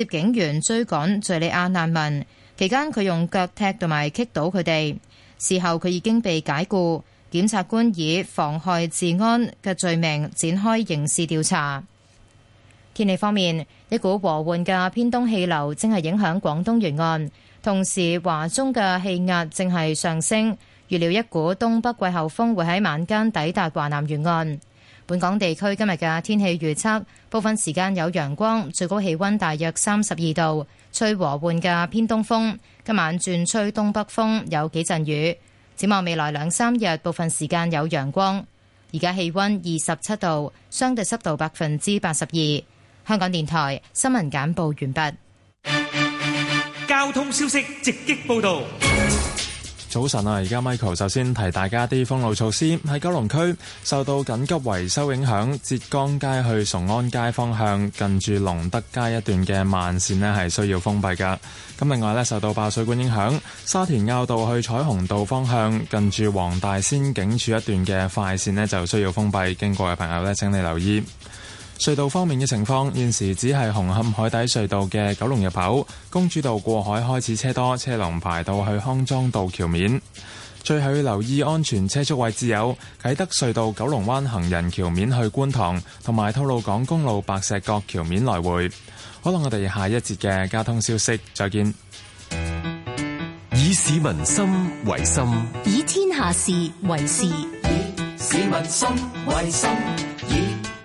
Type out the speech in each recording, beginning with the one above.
接警員追趕敘利亞難民期間，佢用腳踢同埋擊倒佢哋。事後佢已經被解僱，檢察官以妨害治安嘅罪名展開刑事調查。天氣方面，一股和緩嘅偏東氣流正係影響廣東沿岸，同時華中嘅氣壓正係上升，預料一股東北季候風會喺晚間抵達華南沿岸。本港地區今日嘅天氣預測，部分時間有陽光，最高氣溫大約三十二度，吹和緩嘅偏東風。今晚轉吹東北風，有幾陣雨。展望未來兩三日，部分時間有陽光。而家氣溫二十七度，相對濕度百分之八十二。香港電台新聞簡報完畢。交通消息直擊報道。早晨啊！而家 Michael 首先提大家啲封路措施。喺九龍區受到緊急維修影響，浙江街去崇安街方向近住龍德街一段嘅慢綫呢，係需要封閉噶。咁另外呢，受到爆水管影響，沙田坳道去彩虹道方向近住黃大仙警署一段嘅快綫呢，就需要封閉，經過嘅朋友呢，請你留意。隧道方面嘅情況，現時只係紅磡海底隧道嘅九龍入口，公主道過海開始車多，車龍排到去康莊道橋面。最後要留意安全車速位置有啟德隧道、九龍灣行人橋面去觀塘，同埋吐露港公路白石角橋面來回。可能我哋下一節嘅交通消息，再見。以市民心為心，以天下事為事，以市民心為心。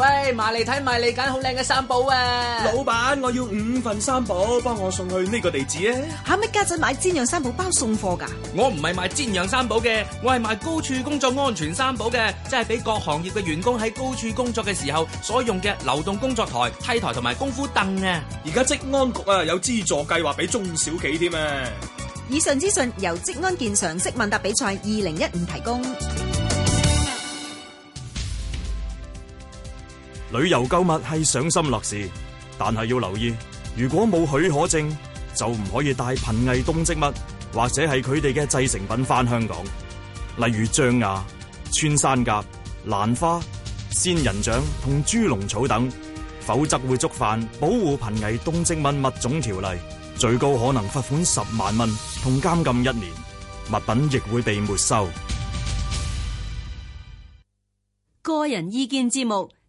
喂，埋嚟睇埋你間好靚嘅三寶啊！老闆，我要五份三寶，幫我送去呢個地址啊！吓，咩家陣買煎釀三寶包送貨噶？我唔係賣煎釀三寶嘅，我係賣高處工作安全三寶嘅，即係俾各行業嘅員工喺高處工作嘅時候所用嘅流動工作台、梯台同埋功夫凳啊！而家職安局啊有資助計劃俾中小企添啊！以上資訊由職安健常識問答比賽二零一五提供。旅遊購物係賞心樂事，但係要留意，如果冇許可證，就唔可以帶瀕危動植物或者係佢哋嘅製成品翻香港，例如象牙、穿山甲、蘭花、仙人掌同豬籠草等，否則會觸犯《保護瀕危動植物物種條例》，最高可能罰款十萬蚊同監禁一年，物品亦會被沒收。個人意見節目。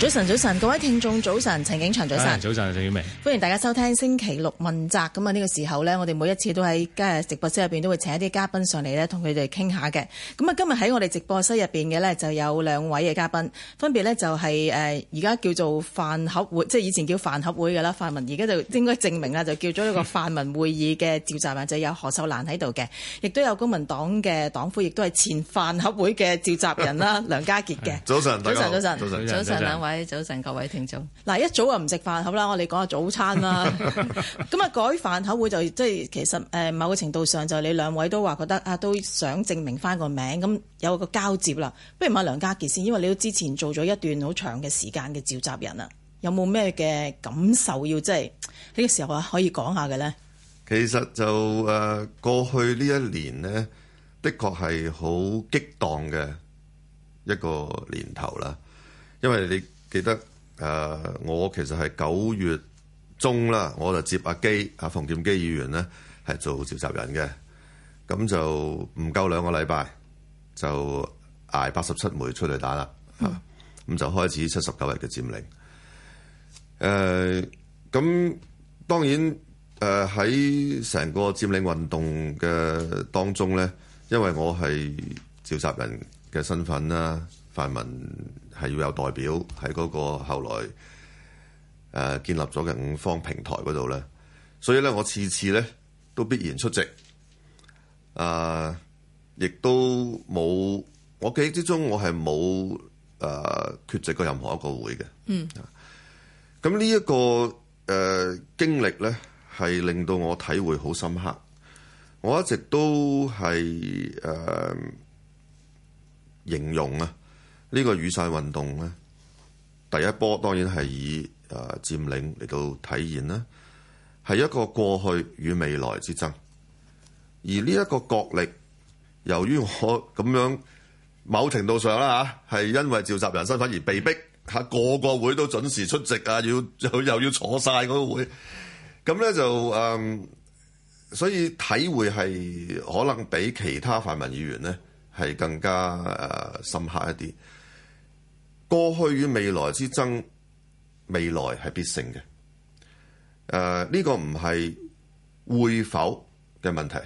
早晨，早晨，各位聽眾早晨，陳景祥，早晨，早晨，鄭婉薇，歡迎大家收聽星期六問責。咁啊，呢個時候咧，我哋每一次都喺嘅直播室入邊都會請一啲嘉賓上嚟咧，同佢哋傾下嘅。咁啊，今日喺我哋直播室入邊嘅咧，就有兩位嘅嘉賓，分別咧就係誒而家叫做飯盒會，即係以前叫飯盒會嘅啦，泛民而家就應該正名啦，就叫咗一個泛民會議嘅召集人， 就有何秀蘭喺度嘅，亦都有公民黨嘅黨魁，亦都係前飯盒會嘅召集人啦， 梁家傑嘅。早晨，早晨，早晨，早晨，早晨，兩位。喂，早晨各位聽眾，嗱 一早又唔食飯好啦，我哋講下早餐啦。咁 啊 改飯口會就即係其實誒，某個程度上就你兩位都話覺得啊，都想證明翻個名，咁有個交接啦。不如問下梁家傑先，因為你都之前做咗一段好長嘅時間嘅召集人啊，有冇咩嘅感受要即係呢個時候啊可以講下嘅咧？其實就誒過去呢一年呢，的確係好激盪嘅一個年頭啦，因為你。記得誒，我其實係九月中啦，我就接阿基阿馮檢基議員咧，係做召集人嘅。咁就唔夠兩個禮拜，就捱八十七枚出嚟打啦。咁、嗯、就開始七十九日嘅佔領。誒、呃，咁當然誒喺成個佔領運動嘅當中咧，因為我係召集人嘅身份啦，泛民。係要有代表喺嗰個後來誒、呃、建立咗嘅五方平台嗰度咧，所以咧我次次咧都必然出席，誒、呃、亦都冇我記憶之中我係冇誒缺席過任何一個會嘅。嗯、咁、這個呃、呢一個誒經歷咧係令到我體會好深刻，我一直都係誒、呃、形容啊。呢、這個雨傘運動咧，第一波當然係以誒、呃、佔領嚟到體現啦，係一個過去與未來之爭。而呢一個角力，由於我咁樣某程度上啦嚇，係因為召集人身份而被逼嚇，個個會都準時出席啊，要又要坐晒嗰個會。咁咧就誒、呃，所以體會係可能比其他泛民議員咧係更加誒、呃、深刻一啲。過去與未來之爭，未來係必勝嘅。誒，呢個唔係會否嘅問題，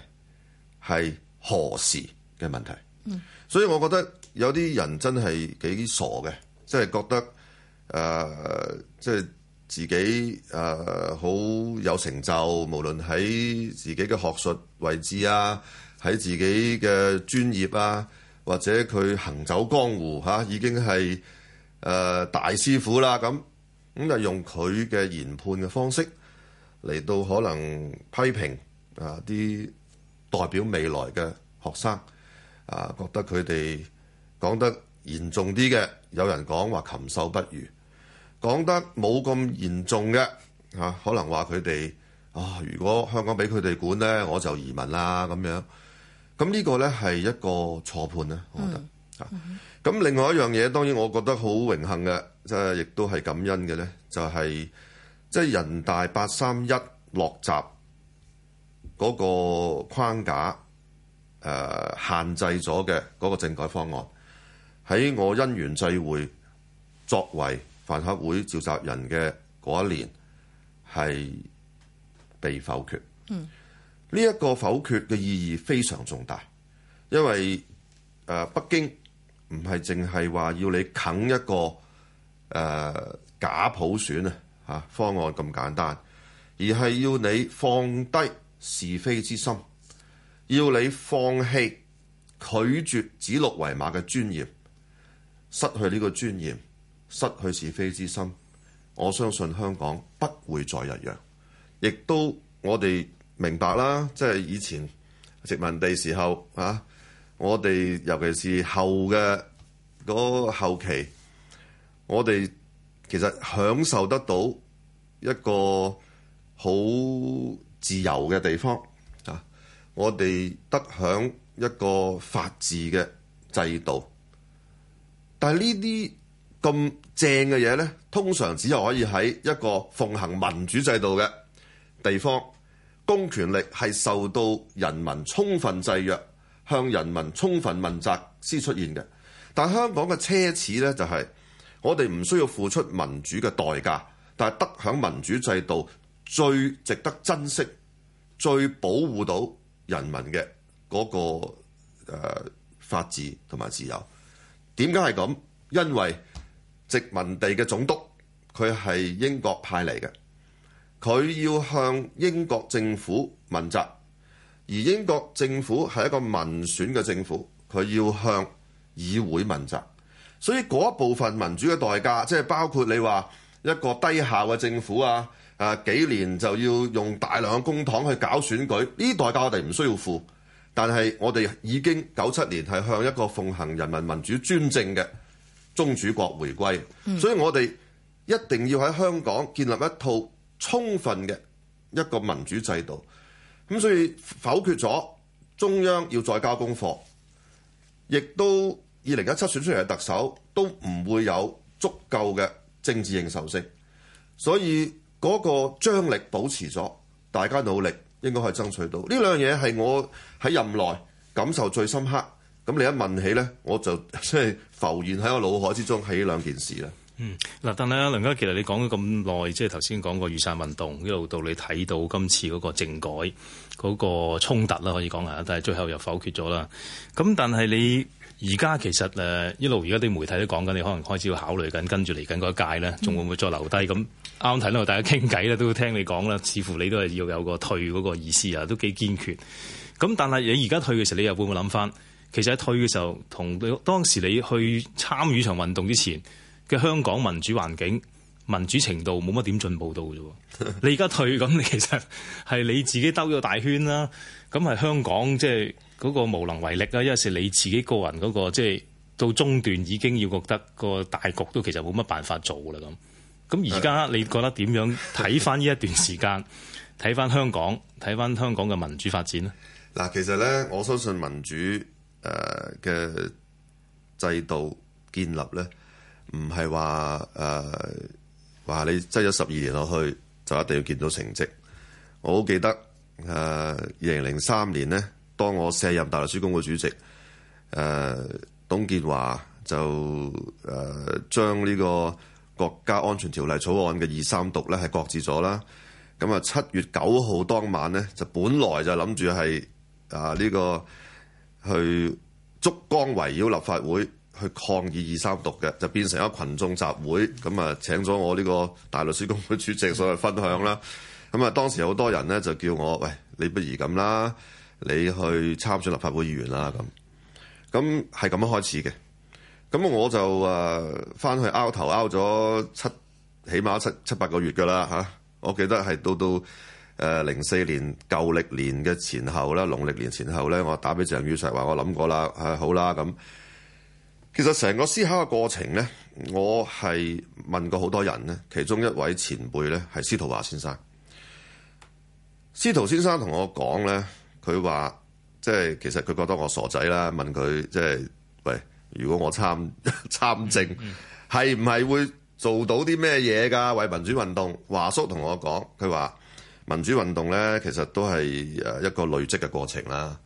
係何時嘅問題。嗯，所以我覺得有啲人真係幾傻嘅，即係覺得誒，即係自己誒好有成就，無論喺自己嘅學術位置啊，喺自己嘅專業啊，或者佢行走江湖吓，已經係。誒、呃、大師傅啦，咁咁就用佢嘅研判嘅方式嚟到可能批評啊啲代表未來嘅學生啊，覺得佢哋講得嚴重啲嘅，有人講話禽獸不如，講得冇咁嚴重嘅嚇，可能話佢哋啊，如果香港俾佢哋管呢，我就移民啦咁樣。咁呢個呢係一個錯判咧，我覺得嚇。嗯嗯。咁另外一樣嘢，當然我覺得好榮幸嘅，即亦都係感恩嘅咧，就係即係人大八三一落閘嗰個框架，誒、呃、限制咗嘅嗰個政改方案喺我因緣際會作為泛民會召集人嘅嗰一年，係被否決。嗯，呢、這、一個否決嘅意義非常重大，因為、呃、北京。唔係淨係話要你啃一個誒、呃、假普選啊吓方案咁簡單，而係要你放低是非之心，要你放棄拒絕指鹿為馬嘅尊嚴，失去呢個尊嚴，失去是非之心，我相信香港不會再一樣，亦都我哋明白啦，即係以前殖民地時候啊。我哋尤其是後嘅嗰、那個、後期，我哋其實享受得到一個好自由嘅地方啊！我哋得享一個法治嘅制度，但係呢啲咁正嘅嘢呢，通常只係可以喺一個奉行民主制度嘅地方，公權力係受到人民充分制約，向人民充分問責先出現嘅，但香港嘅奢侈呢，就係我哋唔需要付出民主嘅代價，但係得享民主制度最值得珍惜、最保護到人民嘅嗰、嗰個誒、呃、法治同埋自由。點解係咁？因為殖民地嘅總督佢係英國派嚟嘅，佢要向英國政府問責。而英國政府係一個民選嘅政府，佢要向議會問責，所以嗰部分民主嘅代價，即係包括你話一個低效嘅政府啊，誒幾年就要用大量嘅公帑去搞選舉，呢代價我哋唔需要付，但係我哋已經九七年係向一個奉行人民民主、專政嘅宗主國回歸，所以我哋一定要喺香港建立一套充分嘅一個民主制度。咁所以否決咗，中央要再交功課，亦都二零一七選出嚟嘅特首都唔會有足夠嘅政治認受性，所以嗰個張力保持咗，大家努力應該可以爭取到呢兩樣嘢，係我喺任內感受最深刻。咁你一問起呢，我就即係浮現喺我腦海之中係呢兩件事啦。嗯，嗱，但係，家傑，其實你講咗咁耐，即係頭先講過雨傘運動一路到你睇到今次嗰個政改嗰個衝突啦，可以講下。但係最後又否決咗啦。咁但係你而家其實誒，一路而家啲媒體都講緊，你可能開始要考慮緊，跟住嚟緊嗰一屆咧，仲會唔會再留低咁？啱睇到大家傾偈咧，都會聽你講啦，似乎你都係要有個退嗰個意思啊，都幾堅決。咁但係你而家退嘅時候，你又會唔會諗翻？其實喺退嘅時候，同你當時你去參與場運動之前。嘅香港民主環境、民主程度冇乜點進步到嘅啫。你而家退咁，其實係你自己兜咗大圈啦。咁係香港即係嗰個無能為力啊！因為係你自己個人嗰、嗰個即係、即係、到中段已經要覺得個大局都其實冇乜辦法做啦咁。咁而家你覺得點樣睇翻呢一段時間？睇 翻香港，睇翻香港嘅民主發展咧。嗱，其實咧，我相信民主誒嘅制度建立咧。唔係話誒話你擠咗十二年落去就一定要見到成績。我好記得誒二零零三年呢，當我卸任大律師公會主席，誒、呃、董建華就誒、呃、將呢個國家安全條例草案嘅二三讀咧係擱置咗啦。咁啊七月九號當晚呢，就本來就諗住係啊呢個去燭光圍繞立法會。去抗議二三讀嘅就變成一群眾集會咁啊！請咗我呢個大律師公會主席上去分享啦。咁啊，當時好多人咧就叫我喂，你不如咁啦，你去參選立法會議員啦咁。咁係咁樣開始嘅。咁我就啊翻、呃、去拗頭拗咗七，起碼七七八個月㗎啦嚇。我記得係到到誒零四年舊歷年嘅前後啦，農曆年前後咧，我打俾鄭宇碩話我諗過啦、啊、好啦，誒好啦咁。其實成個思考嘅過程呢，我係問過好多人呢，其中一位前輩呢，係司徒華先生。司徒先生同我講呢，佢話即係其實佢覺得我傻仔啦。問佢即係，喂，如果我參參政，係唔係會做到啲咩嘢噶？為民主運動，華叔同我講，佢話民主運動呢，其實都係誒一個累積嘅過程啦。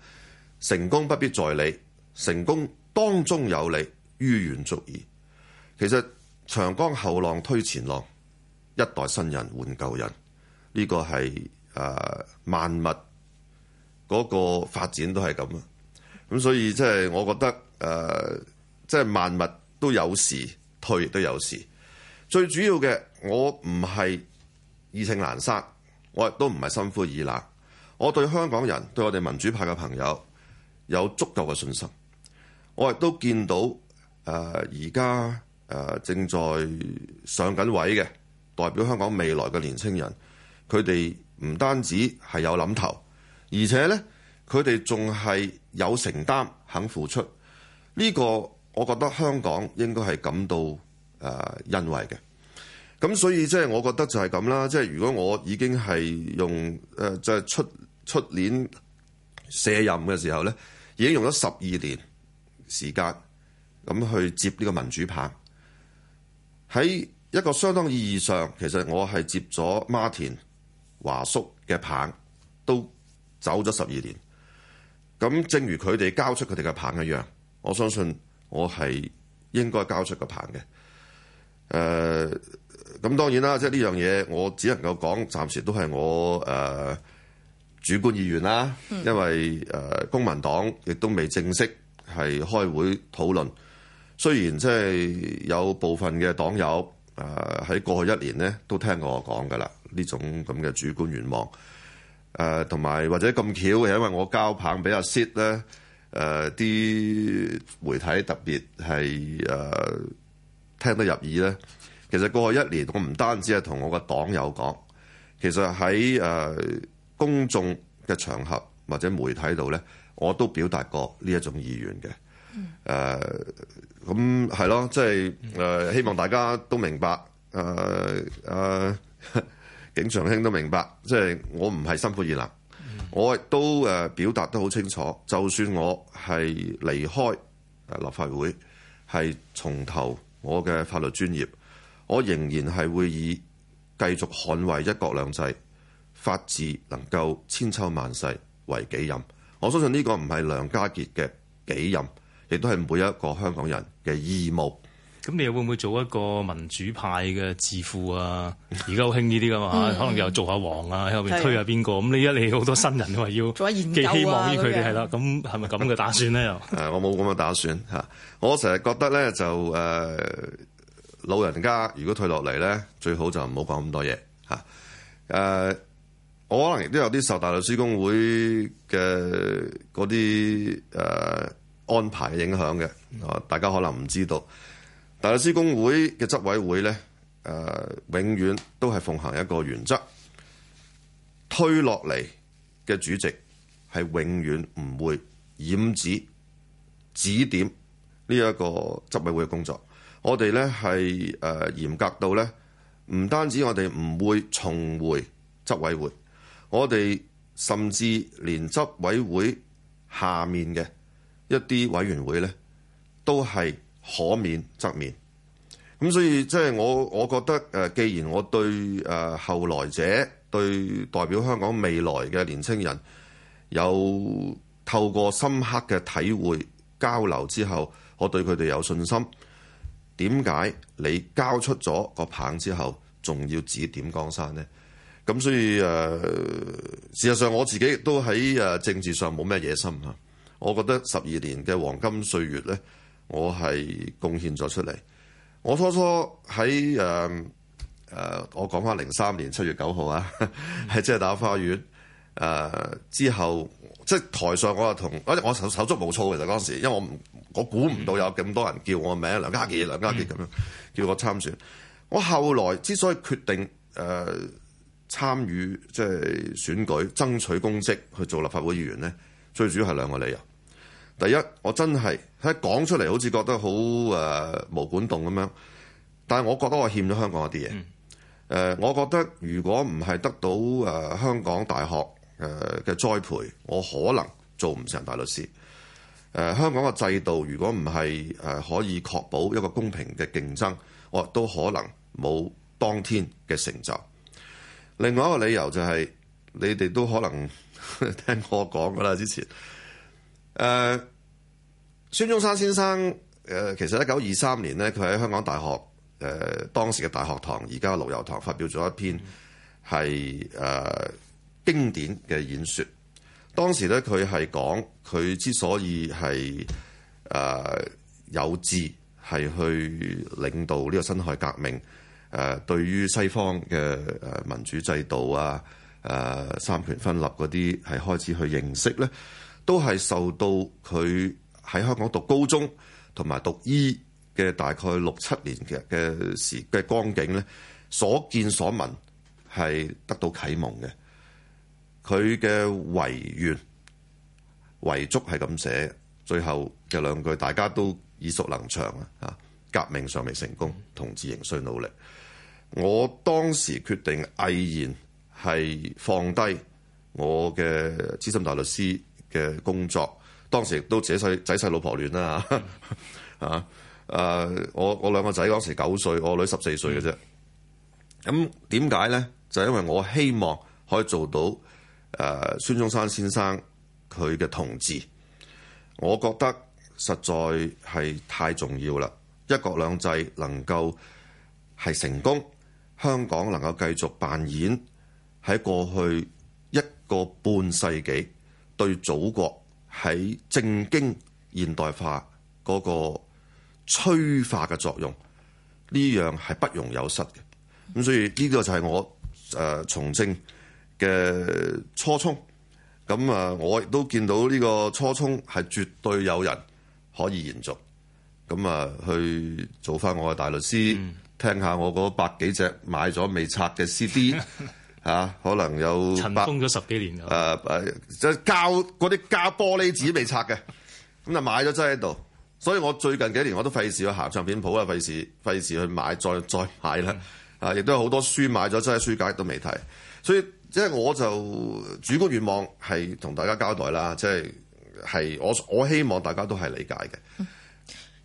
成功不必在你，成功當中有你。於願足矣。其實長江後浪推前浪，一代新人換舊人，呢、這個係誒、呃、萬物嗰個發展都係咁啊！咁所以即係我覺得誒，即、呃、係、就是、萬物都有時退亦都有時。最主要嘅，我唔係意氣難伸，我亦都唔係心灰意冷。我對香港人，對我哋民主派嘅朋友有足夠嘅信心。我亦都見到。誒而家誒正在上緊位嘅代表香港未來嘅年青人，佢哋唔單止係有諗頭，而且呢，佢哋仲係有承擔肯付出呢個，我覺得香港應該係感到誒欣慰嘅。咁所以即係我覺得就係咁啦。即係如果我已經係用誒即係出出年卸任嘅時候呢，已經用咗十二年時間。咁去接呢個民主棒，喺一個相當意義上，其實我係接咗 Martin、華叔嘅棒，都走咗十二年。咁正如佢哋交出佢哋嘅棒一樣，我相信我係應該交出個棒嘅。誒、呃，咁當然啦，即係呢樣嘢，我只能夠講，暫時都係我誒、呃、主觀意願啦，因為誒、呃、公民黨亦都未正式係開會討論。雖然即係有部分嘅黨友，誒喺過去一年咧都聽過我講嘅啦，呢種咁嘅主觀願望，誒同埋或者咁巧，嘅，因為我交棒畀 Cyd 咧，誒啲媒體特別係誒、呃、聽得入耳咧。其實過去一年，我唔單止係同我個黨友講，其實喺誒、呃、公眾嘅場合或者媒體度咧，我都表達過呢一種意願嘅。誒，咁係咯，即係誒，希望大家都明白。誒誒，景祥兄都明白，即係我唔係心灰意冷，我亦都誒表達得好清楚。就算我係離開立法會，係從頭我嘅法律專業，我仍然係會以繼續捍衛一國兩制、法治，能夠千秋萬世為己任。我相信呢個唔係梁家傑嘅己任。亦都係每一個香港人嘅義務。咁你會唔會做一個民主派嘅智庫啊？而家好興呢啲噶嘛、嗯，可能又做下王啊，喺後 面推下邊個？咁而家你好多新人都係要寄、啊、希望於佢哋係啦。咁係咪咁嘅打算咧？又 我冇咁嘅打算嚇。我成日覺得咧，就誒、呃、老人家如果退落嚟咧，最好就唔好講咁多嘢嚇、呃。我可能亦都有啲受大律師公會嘅嗰啲誒。呃安排影響嘅啊，大家可能唔知道。大律師公會嘅執委會咧，誒、呃，永遠都係奉行一個原則，推落嚟嘅主席係永遠唔會染指指點呢一個執委會嘅工作。我哋咧係誒嚴格到咧，唔單止我哋唔會重回執委會，我哋甚至連執委會下面嘅。一啲委員會呢都係可免則免。咁所以即係我，我覺得誒，既然我對誒後來者，對代表香港未來嘅年青人，有透過深刻嘅體會交流之後，我對佢哋有信心。點解你交出咗個棒之後，仲要指點江山呢？咁所以誒，事實上我自己都喺誒政治上冇咩野心啊。我覺得十二年嘅黃金歲月咧，我係貢獻咗出嚟。我初初喺誒誒，我講翻零三年七月九號啊，係即係打花園誒、呃。之後即係台上我和，我又同我我手手足無措其實嗰陣時，因為我唔我估唔到有咁多人叫我名字，梁家傑，梁家傑咁樣叫我參選。嗯、我後來之所以決定誒、呃、參與即係選舉，爭取公職去做立法會議員咧，最主要係兩個理由。第一，我真係喺講出嚟，好似覺得好誒、呃、無管動咁樣。但係我覺得我欠咗香港一啲嘢。誒、嗯呃，我覺得如果唔係得到誒、呃、香港大學誒嘅栽培，我可能做唔成大律師。誒、呃，香港嘅制度如果唔係可以確保一個公平嘅競爭，我都可能冇當天嘅成就。另外一個理由就係、是、你哋都可能呵呵聽我講㗎喇，之前。誒、呃，孫中山先生誒、呃，其實一九二三年咧，佢喺香港大學誒、呃，當時嘅大學堂，而家嘅陸佑堂發表咗一篇係誒、呃、經典嘅演說。當時咧，佢係講佢之所以係誒、呃、有志係去領導呢個辛亥革命，誒、呃、對於西方嘅誒民主制度啊，誒、呃、三權分立嗰啲係開始去認識咧，都係受到佢喺香港讀高中同埋讀醫嘅大概六七年嘅嘅時嘅光景咧，所見所聞係得到啟蒙嘅。佢嘅遺願遺囑係咁寫，最後嘅兩句大家都耳熟能詳啊！吓，革命尚未成功，同志仍需努力。我當時決定毅然係放低我嘅資深大律師。嘅工作，當時都仔細老婆亂啦啊！我我兩個仔嗰時九歲，我女十四歲嘅啫。咁點解呢？就因為我希望可以做到誒、呃、孫中山先生佢嘅同志，我覺得實在係太重要啦。一國兩制能夠係成功，香港能夠繼續扮演喺過去一個半世紀。對祖國喺政經現代化嗰個催化嘅作用，呢樣係不容有失嘅。咁所以呢個就係我誒呃、從政嘅初衷。咁啊，我亦都見到呢個初衷係絕對有人可以延續。咁啊，去做翻我嘅大律師，嗯、聽下我嗰百幾隻買咗未拆嘅 CD。 啊，可能有塵封咗十幾年噶，啊，即係膠嗰啲膠玻璃紙未拆嘅，咁、嗯、就買咗真喺度。所以我最近幾年我都費事去行唱片鋪啊，費事費事去買再再買啦、嗯。啊，亦都有好多書買咗真係書架都未睇。所以即係、即係、我就主觀願望係同大家交代啦，即係係我我希望大家都係理解嘅。嗯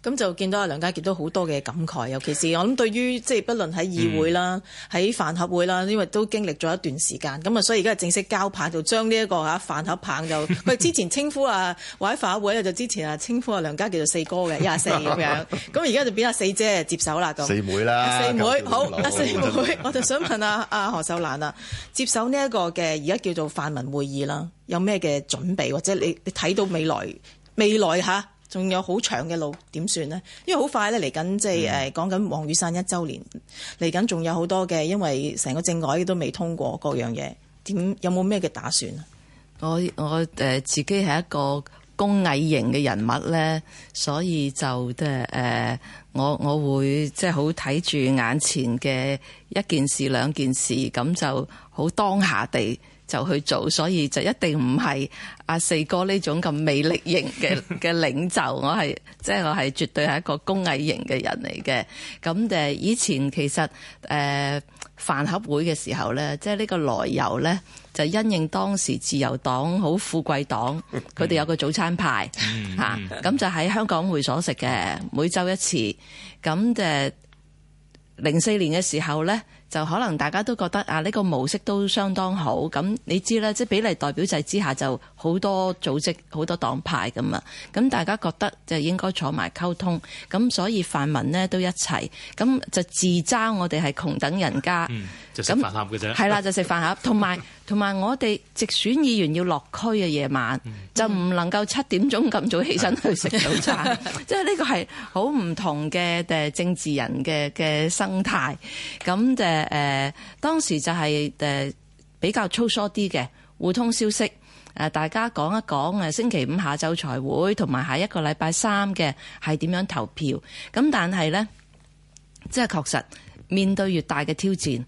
咁就見到阿梁家傑都好多嘅感慨，尤其是我諗對於即係，不論喺議會啦，喺飯盒會啦，因為都經歷咗一段時間，咁啊，所以而家正式交棒，就將呢一個嚇飯盒棒就，佢 之前稱呼啊，或者飯盒會咧就之前啊稱呼阿梁家傑做四哥嘅廿四咁樣，咁而家就變阿四姐接手啦咁。 四妹啦，四妹好，阿四妹， 我就想問阿阿何秀蘭啦，接手呢一個嘅而家叫做泛民會議啦，有咩嘅準備或者你你睇到未來未來嚇？仲有好長嘅路點算呢？因為好快咧，嚟緊，即係誒講緊黃雨傘一周年，嚟緊仲有好多嘅，因為成個政改都未通過，各樣嘢點，有冇咩嘅打算啊？我我誒自己係一個工藝型嘅人物咧，所以就即係誒我我會即係好睇住眼前嘅一件事兩件事，咁就好當下地。就去做，所以就一定唔係阿四哥呢種咁魅力型嘅嘅領袖， 我係即係我係絕對係一個工藝型嘅人嚟嘅。咁誒，以前其實誒飯、呃、盒會嘅時候咧，即、就、係、是、呢個來由咧，就因應當時自由黨好富貴黨，佢哋有個早餐派吓，咁、 啊、就喺、是、香港會所食嘅，每周一次。咁誒，零、呃、四年嘅時候咧。就可能大家都覺得啊，呢個模式都相當好。咁你知啦，即比例代表制之下，就好多組織、好多黨派噶嘛。咁大家覺得就應該坐埋溝通，咁所以泛民呢都一齊，咁就自嘲我哋係窮等人家。嗯就食飯盒嘅啫，係 啦，就食飯盒。同埋同埋，我哋直選議員要落區嘅夜晚， 就唔能夠七點鐘咁早起身去食早餐。即係呢個係好唔同嘅政治人嘅嘅生態。咁就誒、呃，當時就係誒比較粗疏啲嘅互通消息。大家講一講星期五下晝財會，同埋下一個禮拜三嘅係點樣投票。咁但係呢，即係確實面對越大嘅挑戰。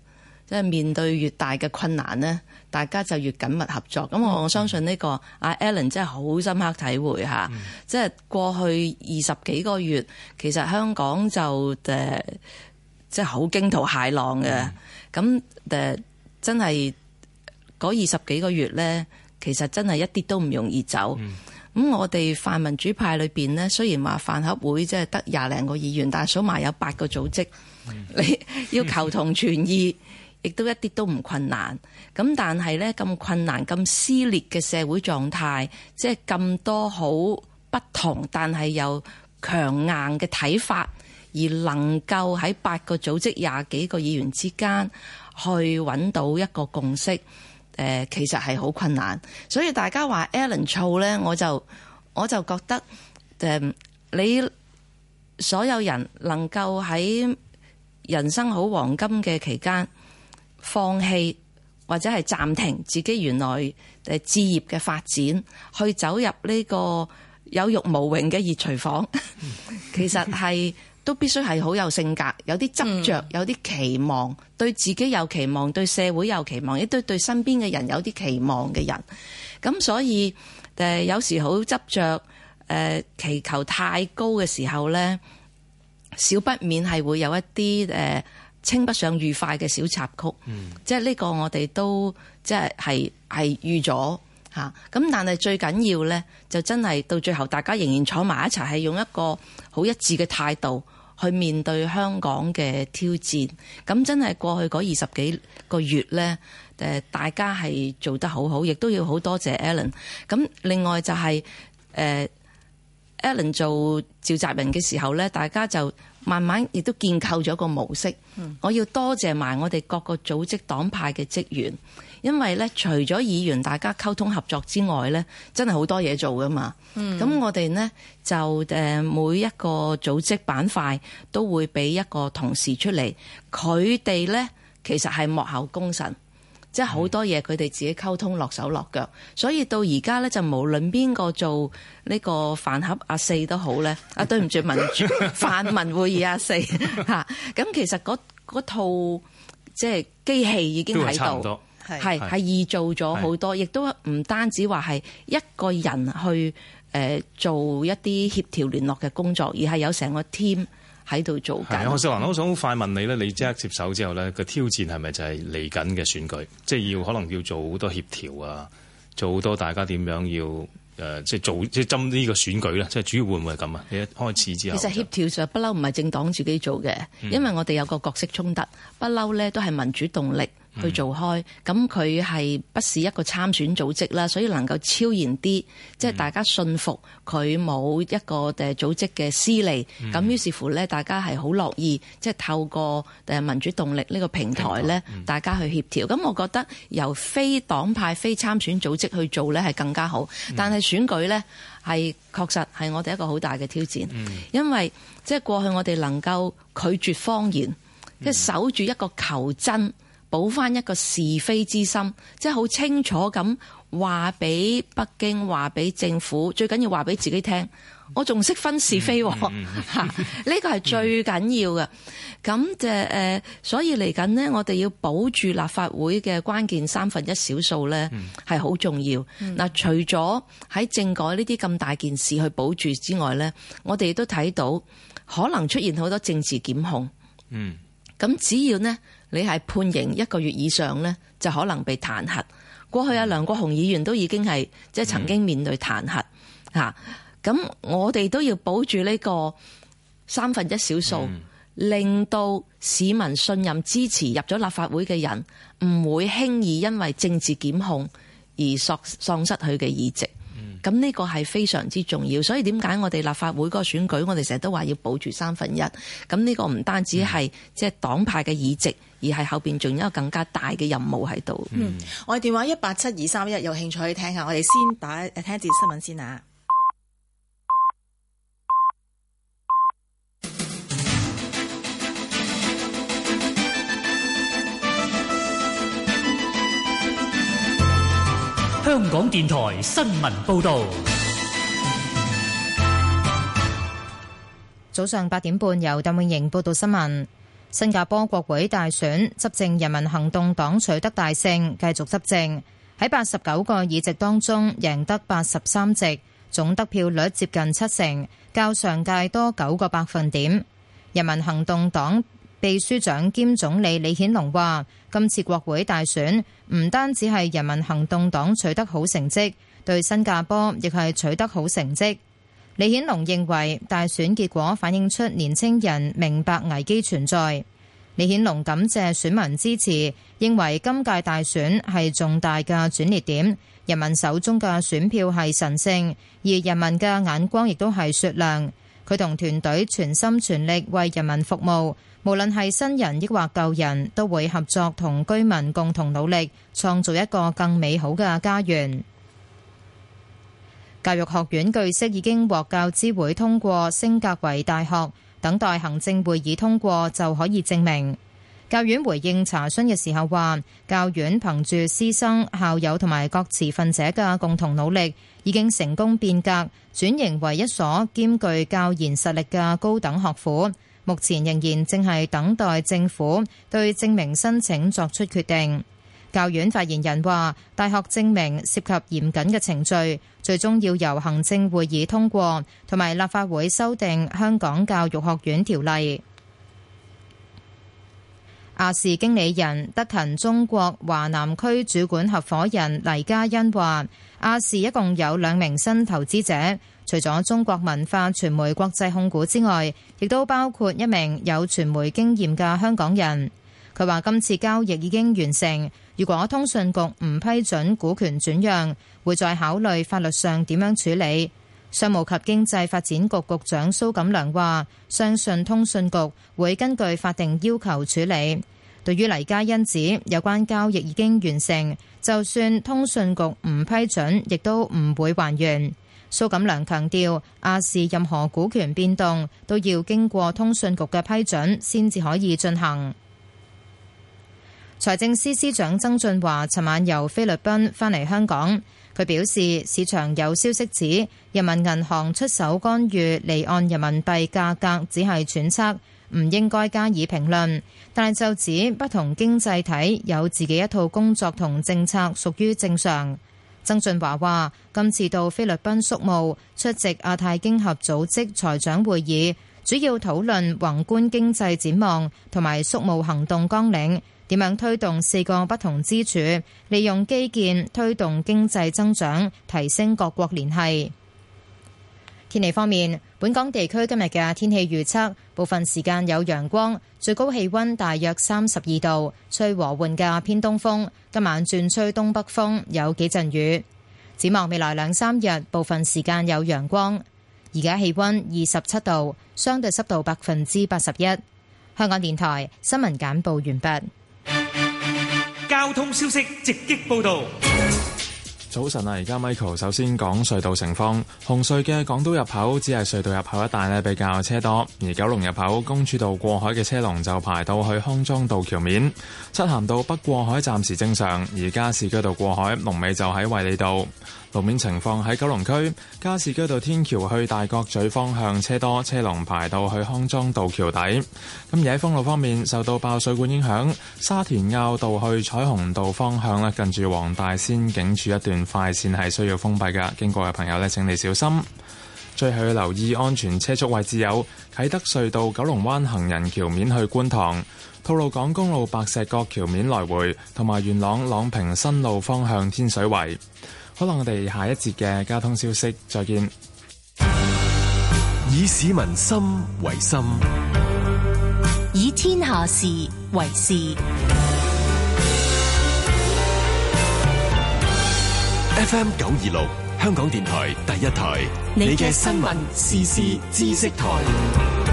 即係面對越大嘅困難咧，大家就越緊密合作。咁、嗯、我相信呢個阿 Alan 真係好深刻體會嚇。即、嗯、係、就是、過去二十幾個月，其實香港就誒即係好驚濤駭浪嘅。咁、嗯、誒真係嗰二十幾個月呢，其實真係一啲都唔容易走。咁、嗯、我哋泛民主派裏邊呢，雖然話飯盒會即係得廿零個議員，但係數埋有八個組織，你、嗯、 要求同存異。嗯 亦都一啲都唔困難，咁，但係咧咁困難，咁撕裂嘅社會狀態，即係咁多好不同，但係又強硬嘅睇法，而能夠喺八個組織廿幾個議員之間去揾到一個共識，誒、呃、其實係好困難，所以大家話 Alan 燥咧，我就我就覺得誒、呃、你所有人能夠喺人生好黃金嘅期間。放棄或者係暫停自己原來誒事業嘅發展，去走入呢個有辱無榮嘅熱廚房， 其實係都必須係好有性格，有啲執着，有啲期望、嗯，對自己有期望，對社會有期望，亦都對,對身邊嘅人有啲期望嘅人。咁所以誒，有時好執着，誒、呃，祈求太高嘅時候呢，少不免係會有一啲誒。呃稱不上愉快嘅小插曲，即係呢個我哋都即係係係預咗嚇。咁但係最緊要呢，就真係到最後，大家仍然坐埋一齊，係用一個好一致嘅態度去面對香港嘅挑戰。咁真係過去嗰二十幾個月呢，誒大家係做得好好，亦都要好多謝 Alan。咁另外就係、是、誒、呃、Alan 做召集人嘅時候呢，大家就。慢慢亦都建構咗個模式。我要多謝埋我哋各個組織黨派嘅職員，因為咧除咗議員大家溝通合作之外咧，真係好多嘢做噶嘛。嗯、咁、我哋咧就誒每一個組織板塊都會俾一個同事出嚟，佢哋咧其實，係幕後功臣。即係好多嘢佢哋自己溝通落手落腳，所以到而家呢，就無論邊個做呢個飯盒阿四都好呢， 啊，對唔住民主泛民會議阿四嚇，咁其實嗰嗰套即係機器已經喺度，係係易做咗好多，亦都唔單止話係一個人去、呃、做一啲協調聯絡嘅工作，而係有成個 team。喺度做緊。何秀蘭，我想好快問你咧，你即刻接手之後咧，個挑戰係咪就係嚟緊嘅選舉？即係要可能要做好多協調啊，做好多大家點樣要誒、呃，即係做即係斟呢個選舉啦。即係主要會唔會係咁啊？你一開始之後其實協調上不嬲唔係政黨自己做嘅，因為我哋有個角色衝突，不嬲咧都係民主動力。嗯、去做開咁，佢係不是一個參選組織啦，所以能夠超然啲，即、嗯、係大家信服佢冇一個誒組織嘅私利。咁、嗯、於是乎呢，大家係好樂意即係透過誒民主動力呢個平台呢、嗯，大家去協調。咁、嗯、我覺得由非黨派、非參選組織去做呢係更加好。嗯、但係選舉呢，係確實係我哋一個好大嘅挑戰，嗯、因為即係過去我哋能夠拒絕謊言，即、嗯、守住一個求真。補翻一個是非之心，即係好清楚咁話俾北京話俾政府，最緊要話俾自己聽，我仲識分是非喎。呢個係最緊要嘅。咁 就，係所以嚟緊呢，我哋要保住立法會嘅關鍵三分一少數呢係好重要。嗱， 除咗喺政改呢啲咁大件事去保住之外呢，我哋都睇到可能出現好多政治檢控。嗯，咁 只要呢。你係判刑一個月以上呢，就可能被彈劾。過去阿梁國雄議員都已經係即曾經面對彈劾。咁我哋都要保住呢個三分一少數，令到市民信任支持入咗立法會嘅人，唔會輕易因為政治檢控而喪失佢嘅議席。咁呢個係非常之重要。所以點解我哋立法會個選舉，我哋成日都話要保住三分一。咁呢個唔單止係即係黨派嘅議席。而係後邊仲有一個更加大嘅任務喺度。我哋電話一八七二三一，有興趣去聽下。我哋先打誒，聽一節新聞先啊！香港電台新聞報道，早上八點半，由鄧永盈報道新聞。新加坡國會大選，執政人民行動黨取得大勝，繼續執政。喺八十九個議席當中，贏得八十三席，總得票率接近七成，較上屆多九個百分點。人民行動黨秘書長兼總理李顯龍話：今次國會大選唔單止係人民行動黨取得好成績，對新加坡亦係取得好成績。李顯龍認為大選結果反映出年青人明白危機存在。李顯龍感謝選民支持，認為今屆大選係重大嘅轉捩點。人民手中嘅選票係神聖，而人民嘅眼光亦都係雪亮。佢同團隊全心全力為人民服務，無論係新人抑或舊人都會合作，同居民共同努力，創造一個更美好嘅家園。教育學院據悉已經獲教資會通過升格為大學，等待行政會議通過就可以正名。教院回應查詢嘅時候話教院憑住師生、校友同埋各持份者嘅共同努力，已經成功變革轉型為一所兼具教研實力嘅高等學府。目前仍然正係等待政府對正名申請作出決定。教院發言人話：大學證明涉及嚴謹嘅程序，最終要由行政會議通過，同埋立法會修訂《香港教育學院條例》。亞視經理人德勤中國華南區主管合夥人黎嘉欣話：亞視一共有兩名新投資者，除咗中國文化傳媒國際控股之外，亦都包括一名有傳媒經驗嘅香港人。佢話今次交易已經完成。如果通訊局唔批准股權轉讓，會再考慮法律上點樣處理？商務及經濟發展局局長蘇錦良話：相信通訊局會根據法定要求處理。對於黎家欣指有關交易已經完成，就算通訊局唔批准，亦都唔會還原。蘇錦良強調，亞視任何股權變動都要經過通訊局嘅批准先至可以進行。財政司司長曾俊華尋晚由菲律賓返嚟香港，佢表示市場有消息指人民銀行出手干預離岸人民幣價格，只係揣測，唔應該加以評論。但係就指不同經濟體有自己一套工作同政策，屬於正常。曾俊華話：今次到菲律賓宿務，出席亞太經合組織財長會議，主要討論宏觀經濟展望同埋宿務行動綱領。點樣推動四個不同支柱，利用基建推動經濟增長，提升各國聯繫。天氣方面，本港地區今日嘅天氣預測，部分時間有陽光，最高氣溫大約三十二度，吹和緩嘅偏東風。今晚轉吹東北風，有幾陣雨。展望未來兩三日，部分時間有陽光。而家氣溫二十七度，相對濕度百分之八十一。香港電台新聞簡報完畢。交通消息直擊報道。早晨啊，而家 Michael 首先講隧道情況。紅隧嘅港島入口只係隧道入口一帶呢，比較車多，而九龍入口公主道過海嘅車龍就排到去康莊道橋面。漆咸道北過海暫時正常，而家市區道過海龍尾就喺衛理道。路面情況喺九龍區加士居道天橋去大角咀方向車多，車龍排到去康莊道橋底。咁而喺封路方面受到爆水管影響，沙田坳道去彩虹道方向近住黃大仙警署一段快線係需要封閉噶，經過嘅朋友呢，請你小心。最後要留意安全車速位置，有啟德隧道、九龍灣行人橋面去觀塘、吐露港公路白石角橋面來回，同埋元朗朗屏新路方向天水圍。好啦，我哋下一節嘅交通消息再見。以市民心為心，以天下事為事。FM 九二六，香港電台第一台，你嘅新聞時事知識台。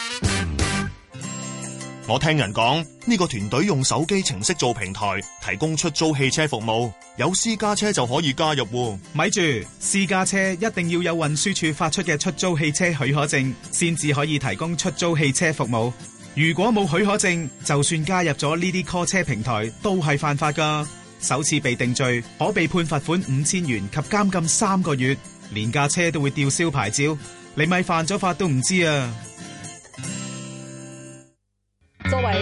我聽人講，呢、這個團隊用手機程式做平台，提供出租汽車服務，有私家車就可以加入。咪住，私家車一定要有運輸署發出嘅出租汽車許可證，先至可以提供出租汽車服務。如果冇許可證，就算加入咗呢啲 call 車平台，都係犯法㗎。首次被定罪，可被判罰款五千元及監禁三個月，連架車都會吊銷牌照。你咪犯咗法都唔知啊！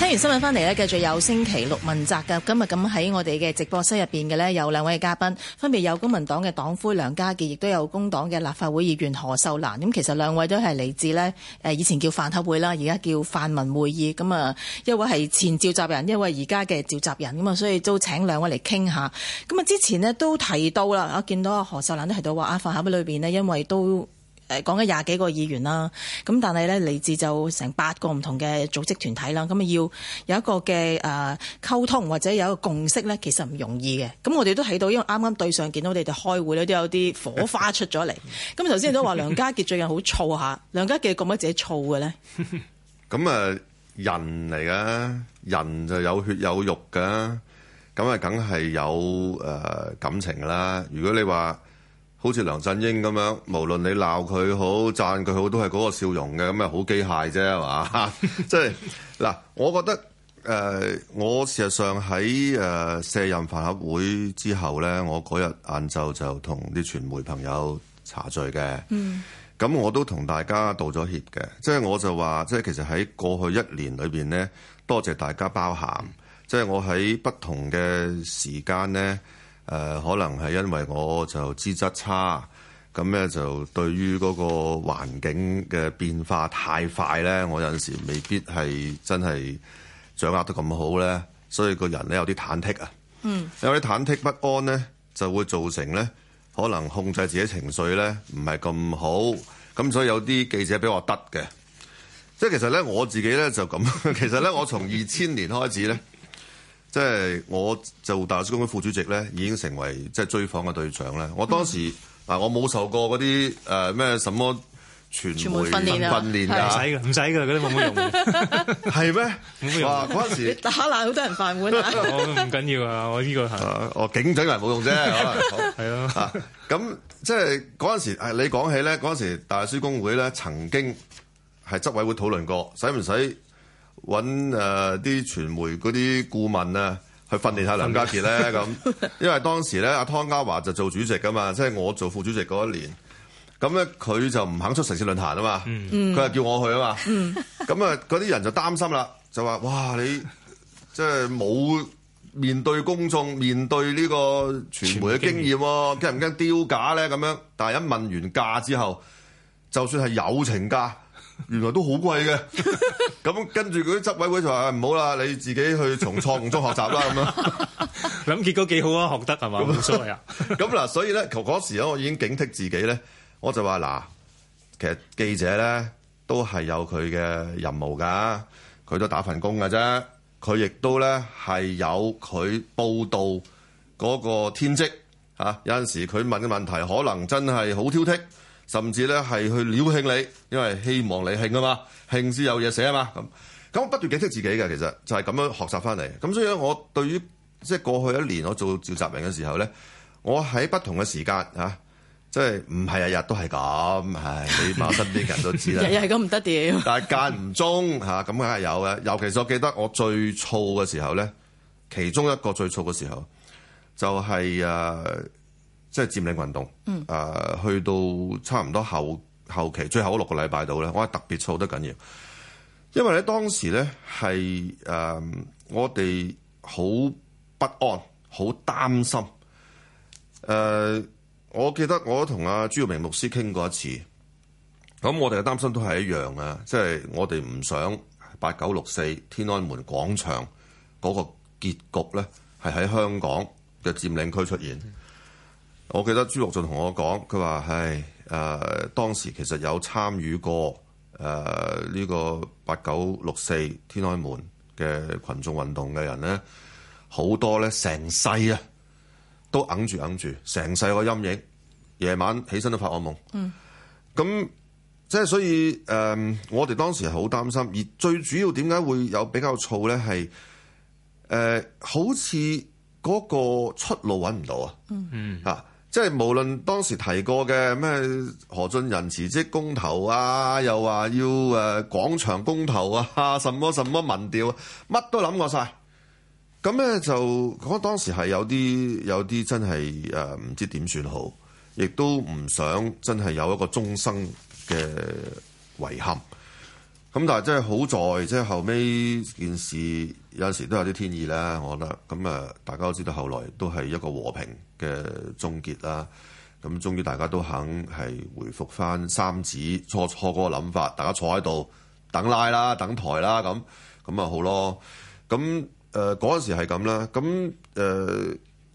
聽完新聞翻嚟，呢繼續有星期六問責噶。今日咁喺我哋嘅直播室入邊嘅呢有兩位嘅嘉賓，分別有公民黨嘅黨魁梁家傑，亦都有工黨嘅立法會議員何秀蘭。咁其實兩位都係嚟自呢誒以前叫飯盒會啦，而家叫泛民會議。咁啊，一位係前召集人，一位而家嘅召集人。咁啊，所以都請兩位嚟傾下。咁啊，之前呢都提到啦，我見到何秀蘭都提到話啊，飯盒會裏邊呢，因為都。誒講緊廿幾個議員啦，咁但係咧嚟自就成八個唔同嘅組織團體啦，咁啊要有一個嘅誒溝通或者有一個共識咧，其實唔容易嘅。咁、嗯、我哋都睇到，因為啱啱對上見到你哋開會咧，都有啲火花出咗嚟。咁頭先都話梁家傑最近好燥嚇，梁家傑咁樣自己燥嘅咧？咁啊，人嚟㗎，人就有血有肉㗎，咁啊，梗係有誒感情㗎啦。如果你話，好似梁振英咁樣，無論你鬧佢好、讚佢好，都係嗰個笑容嘅，咁啊好機械啫，係嘛？即係嗱，我覺得誒，我事實上喺誒卸任飯盒會之後咧，我嗰日晏晝就同啲傳媒朋友茶聚嘅。嗯。咁我都同大家道咗歉嘅，即係我就話，即係其實喺過去一年裏面咧，多謝大家包涵，即係我喺不同嘅時間咧。誒、呃、可能係因為我就資質差，咁咧就對於嗰個環境嘅變化太快咧，我有陣時未必係真係掌握得咁好咧，所以個人咧有啲忐忑啊，有啲忐忑不安咧，就會造成咧可能控制自己情緒咧唔係咁好，咁所以有啲記者俾我得嘅，即係其實咧我自己咧就咁，其實咧我從二千年開始咧。即係我做大書工會副主席咧，已經成為即係追訪嘅對象咧。我當時嗱、嗯啊，我冇受過嗰啲誒咩什麼傳媒訓練啊，唔使嘅，唔使嘅，嗰啲冇乜用。係咩？嗰陣 時打爛好多人飯碗唔、啊、 緊要啊，我呢個係我警長又係冇用啫。係咯、啊，咁、啊啊 啊、即係嗰陣時係你講起咧，嗰陣時大書工會咧曾經係執委會討論過，使唔使，揾誒啲傳媒嗰啲顧問啊，去訓練下梁家傑咧咁。 因為當時咧，阿湯家驊就做主席噶嘛，即、就、係、是、我做副主席嗰一年。咁咧，佢就唔肯出城市論壇啊嘛。佢、嗯、係叫我去啊嘛。咁、嗯、啊，嗰 啲人就擔心啦，就話：哇，你即係冇面對公眾、面對呢個傳媒嘅經驗、啊，驚唔驚丟架咧？咁樣，但係一問完價之後，就算係友情價。原來都好貴嘅，咁 跟住嗰啲執委會就話唔好啦，你自己去從錯誤中學習啦咁樣。諗 結果幾好啊，學得係嘛？咁 冇所謂啊，咁 嗱， 所以咧嗰時咧，我已經警惕自己咧，我就話嗱，其實記者咧都係有佢嘅任務㗎，佢都打份工㗎啫，佢亦都咧係有佢報道嗰個天職。有陣時佢問嘅問題可能真係好挑剔。甚至咧係去撩慶你，因為希望你慶啊嘛，慶先有嘢寫啊嘛。咁咁不斷警惕自己嘅，其實就係咁樣學習翻嚟。咁所以我對於即係過去一年我做召集人嘅時候咧，我喺不同嘅時間嚇，即係唔係日日都係咁係，你馬身邊啲人都知啦， 日日係咁唔得掂。但係間唔中嚇，咁梗係有嘅。尤其是我記得我最燥嘅時候咧，其中一個最燥嘅時候就係、是、誒。啊即係佔領運動，呃、去到差唔多後，後期最後六個禮拜度咧，我係特別燥得緊要，因為咧當時咧係、呃、我哋好不安，好擔心、呃。我記得我同阿朱耀明牧師傾過一次，咁我哋嘅擔心都係一樣啊，即係我哋唔想八九六四天安門廣場嗰個結局咧，係喺香港嘅佔領區出現。我記得朱駿俊同我講，佢話：唉，誒、呃，當時其實有參與過誒呢、呃這個八九六四天安門嘅群眾運動嘅人咧，好多咧，成世啊，都揞住揞住，成世個陰影。夜晚起身都發噩夢。嗯。咁即係所以誒、呃，我哋當時係好擔心，而最主要點解會有比較躁咧？係誒、呃，好似嗰個出路揾唔到啊。嗯嗯。啊！即係無論當時提過嘅咩何俊仁辭職公投啊，又話要誒廣場公投啊，什麼什麼民調啊，乜都諗過晒。咁咧就嗰個當時係有啲有啲真係誒唔知點算好，亦都唔想真係有一個終生嘅遺憾。咁但係真係好在，即係後尾件事有陣時都有啲天意啦，我覺得。咁啊，大家都知道後來都係一個和平嘅終結啦。咁終於大家都肯係回復翻三子初初嗰個諗法，大家坐喺度等拉啦，等台啦，咁咁啊好咯。咁嗰、呃、陣時係咁啦。咁、呃、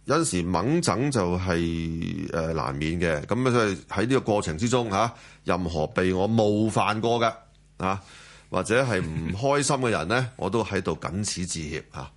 有陣時猛整就係誒難免嘅。咁誒喺呢個過程之中嚇、啊，任何被我冒犯過嘅或者係唔開心嘅人咧、嗯，我都喺度謹此致歉吓。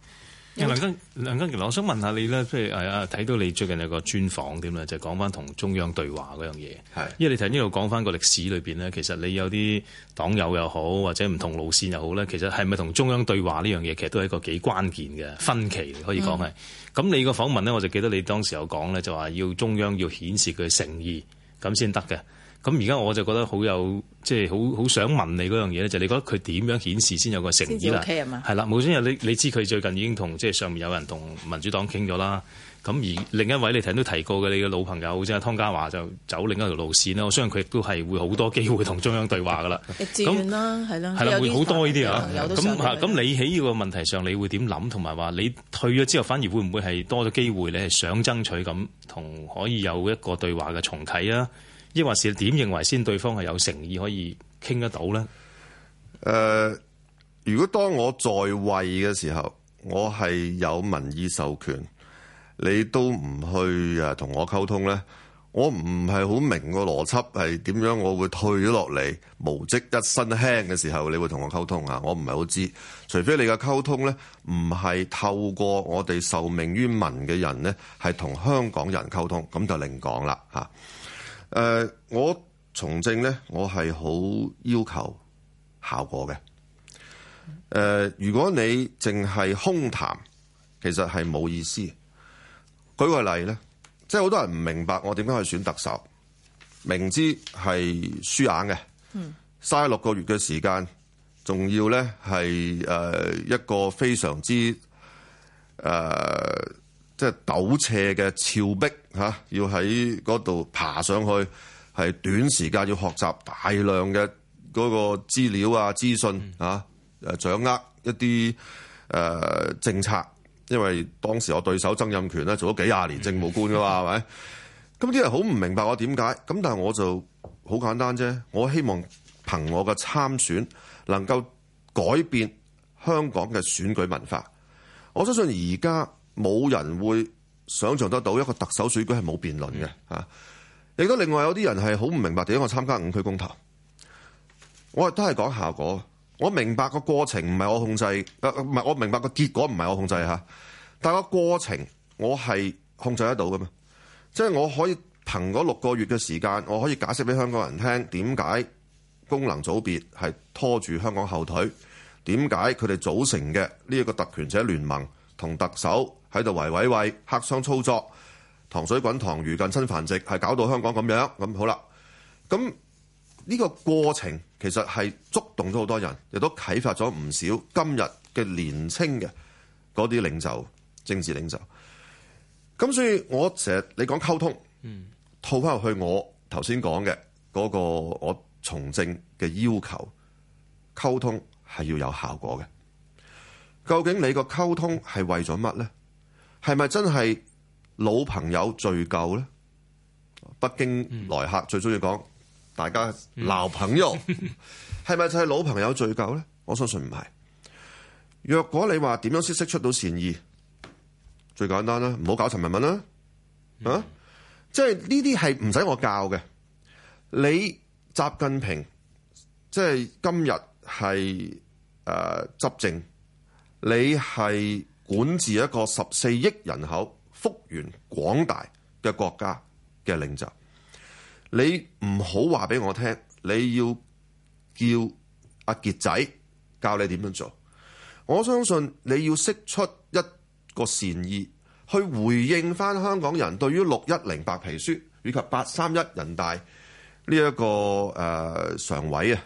梁家傑，梁家傑，我想問下你咧，睇到你最近有個專訪點咧，就講翻同中央對話嗰樣嘢。係。因為你睇呢度講翻個歷史裏面咧，其實你有啲黨友又好，或者唔同路線又好咧，其實係咪同中央對話呢樣嘢，其實都係一個幾關鍵嘅分歧，可以講係。咁、嗯、你個訪問咧，我就記得你當時有講咧，就話要中央要顯示佢誠意，咁先得嘅。咁而家我就覺得好有即係好好想問你嗰樣嘢咧，就是、你覺得佢點樣顯示先有個誠意啦？係啦，冇錯，你你知佢最近已經同即係上面有人同民主黨傾咗啦。咁而另一位你睇都提過嘅你嘅老朋友即係湯家驊就走另一條路線啦。我相信佢亦都係會好多機會同中央對話噶啦。咁啦，係啦，係啦，會好多呢啲啊。咁咁你喺呢個問題上，你會點諗？同埋話你退咗之後，反而會唔會係多咗機會？你係想爭取咁同可以有一個對話嘅重啟啊？抑或是點認為先，對方係有誠意可以傾得到呢？誒、呃，如果當我在位嘅時候，我係有民意授權，你都唔去誒同我溝通呢？我唔係好明個邏輯係點樣，我會退咗落嚟，無職一身輕嘅時候，你會同我溝通啊？我唔係好知，除非你嘅溝通呢唔係透過我哋受命於民嘅人呢係同香港人溝通，咁就另講啦吓。誒、uh,，我從政咧，我係好要求效果嘅。誒、uh,，如果你淨係空談，其實係冇意思。舉個例咧，即係好多人唔明白我點解去選特首，明知係輸硬嘅，嘥六個月嘅時間，仲要咧係誒一個非常之誒。Uh, 即係陡斜嘅峭壁嚇、啊，要喺嗰度爬上去，係短時間要學習大量嘅嗰個資料啊資訊嚇，誒、啊、掌握一啲誒、呃、政策，因為當時我對手曾蔭權咧做咗幾廿年政務官噶嘛，係咪？ 咁啲人好唔明白我點解，咁但係我就好簡單啫，我希望憑我嘅參選能夠改變香港嘅選舉文化，我相信而家。冇人會想像得到一個特首選舉係冇辯論嘅，吓！而家另外有啲人係好唔明白點解我參加五區公投，我亦都係講效果。我明白個過程唔係我控制，唔係我明白個結果唔係我控制嚇，但個個過程我係控制得到㗎嘛。即係我可以憑嗰六個月嘅時間，我可以解釋俾香港人聽點解功能組別係拖住香港後腿，點解佢哋組成嘅呢一個特權者聯盟同特首。.喺度維唯唯黑箱操作，糖水滾糖魚近親繁殖，係搞到香港咁樣咁好啦。咁呢個過程其實係觸動咗好多人，亦都啟發咗唔少今日嘅年青嘅嗰啲領袖、政治領袖。咁所以，我成日你講溝通，套翻入去我頭先講嘅嗰個我從政嘅要求，溝通係要有效果嘅。究竟你個溝通係為咗乜咧？係咪真係老朋友敘舊咧？北京來客最中意講，大家鬧朋友，係咪就係老朋友敘舊咧？我相信唔係。若果你話點樣先識出到善意，最簡單啦，唔好搞陳文敏啦，嗯、啊！即係呢啲係唔使我教嘅。你習近平即係、就是、今日係誒執政，你係。管治一個十四億人口、幅員廣大嘅國家嘅領袖，你唔好話俾我聽，你要叫阿傑仔教你點樣做。我相信你要釋出一個善意去回應翻香港人對於六一零白皮書以及八三一人大呢、這、一個誒、呃、常委啊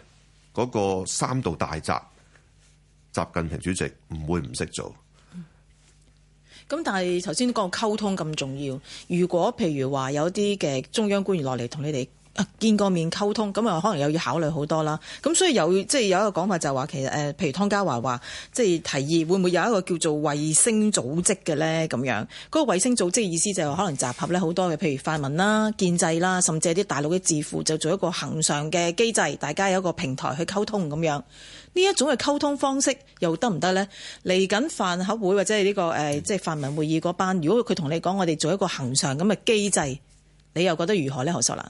嗰、那個三道大閘，習近平主席唔會唔識做。咁但係頭先講溝通咁重要，如果譬如話有啲嘅中央官員落嚟同你哋。見過面溝通咁啊，可能又要考慮好多啦。咁所以有即係、就是、有一個講法就係話，其實誒，譬如湯家華話，即係提議會唔會有一個叫做衛星組織嘅呢？咁樣嗰、那個衛星組織嘅意思就係可能集合咧好多嘅，譬如泛民啦、建制啦，甚至係啲大陸嘅智庫就做一個恒常嘅機制，大家有一個平台去溝通咁樣，呢一種嘅溝通方式又得唔得呢？嚟緊飯盒會或者係、這、呢個即係、欸就是、泛民會議嗰班，如果佢同你講我哋做一個恒常咁嘅機制，你又覺得如何呢？何秀蘭？